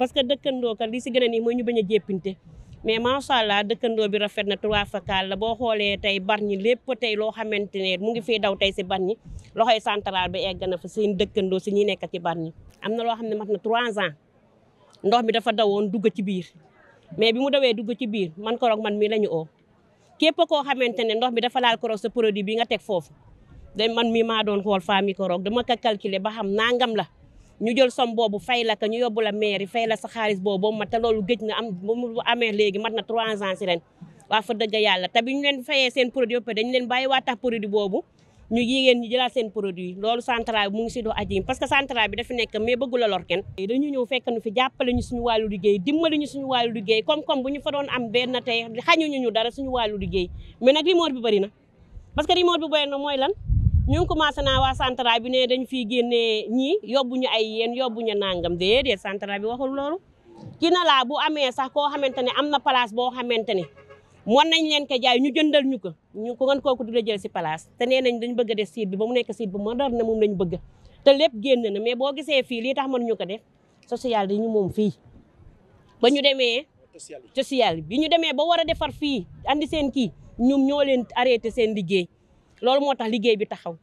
parce que dëkkandoo kan li si gën a nii mooy ñu bañ a jéppinte mais macha allah dëkkandoo bi rafet na trois fakal la boo xoolee tey Bargny lépp tey loo xamante ne mu ngi fii daw tey si loxo yi central bi egg na fa seen dëkkandoo si ñi nekk ci Bargny am na loo xam ne mat na trois ans ndox mi dafa dawoon dugg ci biir mais bi mu dawee dugg ci biir man koroog man mii la ñu oo képp koo xamante ne ndox mi dafa laal koroog sa produit bi nga teg foofu da man mii maa doon xool faa dama ko calculer ba xam nangam la ñu jël som boobu fay la ka ñu yóbbu la mairie fay la sa boobu ba loolu gëj na amee léegi mat trois ans si ren waa dëgg yàlla te ñu leen fayee seen produit ba dañu leen bàyyi waa tax produit boobu ñu yigéen ñu jëlaat seen produit loolu central bi mu ngi si doo ajim parce que central bi dafa nekk mais bëggul a lor kenn dañu ñëw fekk nu fi jàppale ñu suñu ñu suñu wàllu liggéey koom ñu fa ñu dara suñu liggéey mais nag rimoor bi bëri na parce ñun commencé naa waa central bi ne dañ fii génnee ñii yóbbu ñu ay yéen yóbbu ñu nangam déedéet central bi waxul loolu ki na laa bu amee sax koo xamante ne am na place boo xamante ne mën nañ leen ko jaay ñu jëndal ñu ko ñu ko ngeen kooku du la jël si palace te nee nañ dañ bëgg a def site bi ba mu nekk site bu moderne na moom lañ bëgg te lépp génn na mais boo gisee fii lii tax mën ñu ko def social dañu moom fii ba ñu demee social bi ñu demee ba war a defar fii andi seen kii ñoom ñoo leen arrêté seen liggéey loolu moo tax liggéey bi taxaw.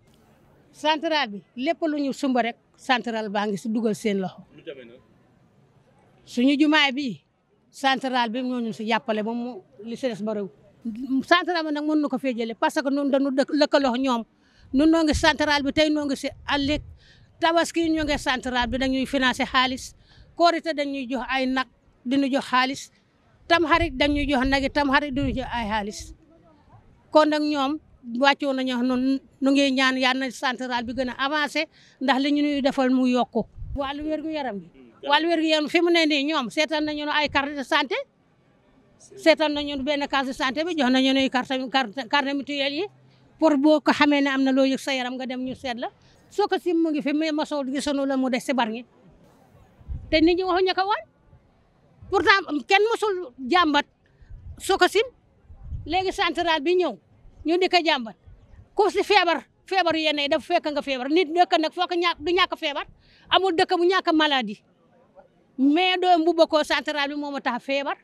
central bi lépp lu ñu sumb rek central baa ngi si dugal seen loxo suñu jumaay bi central bi ñoo ñu si jàppale ba mu li si des ba bi nag mën na ko fee jëlee parce que nun dañu lëkkaloo ñoom nu noo ngi bi tey noo ngi si àllik tabaski ñoo ngi central bi dañuy financé xaalis korité dañuy jox ay nag diñu jox xaalis tam xarit dañuy jox nag tam xarit diñu jox ay xaalis kon nag ñoom wàccoo nañu noonu nu ngi ñaan yal na centrale bi gën a avancé ndax li ñu nuy defal mu yokku wàllu wér-gu-yaram bi mm. wàllu wér-gu-yaram fi mu ne nii ñoom seetal nañu ne ay carte de santé seetal nañu benn carte de santé bi jox nañu ne carte carte mutuelle yi pour boo ko xamee ne am na loo yëg sa yaram nga dem ñu seet la soo ko sim mu ngi fi ma mais mosoo gisanu la mu des si barñi te nit ñi waxuñu ko woon pourtant kenn mosul jàmbat soo ko sim léegi centrale bi ñëw ñu di ko jàmbat ku si feebar feebar yenn yi dafa fekk nga feebar nit dëkk nag foo ko ñàkk du ñàkk feebar amul dëkk bu ñàkk maladie mais doom bu bokkoo central bi moo ma tax feebar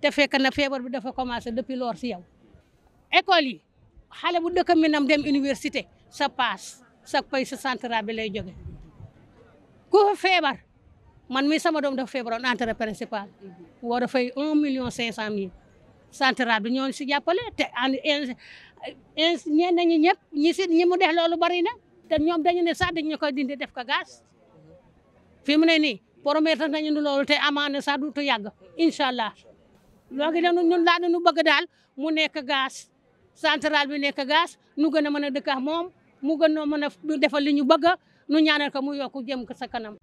te fekk na feebar bi dafa commencé depuis lors si yow. école yi xale bu dëkk mi nam dem université sa paas sa pay sa central bi lay jóge ku fa feebar man mi sama doom dafa feebaroon entrée principale war a fay un million cinq cent mille central bi ñoo si jàppale te en in ñenn ñi ñëpp ñi si ñi mu def loolu bari na te ñoom dañu ne saa sax dañu koy dindi def ko gaz fi mu ne nii promettre nañu ne loolu te amaana sax du tu yàgg incha gi loogi nag ñun laa nu bëgg daal mu nekk gaz central bi nekk gaz nu gën a mën a dëkk moom mu gën a mën a defal li ñu bëgg nu ñaana ka mu yokk jëm ko sa kanam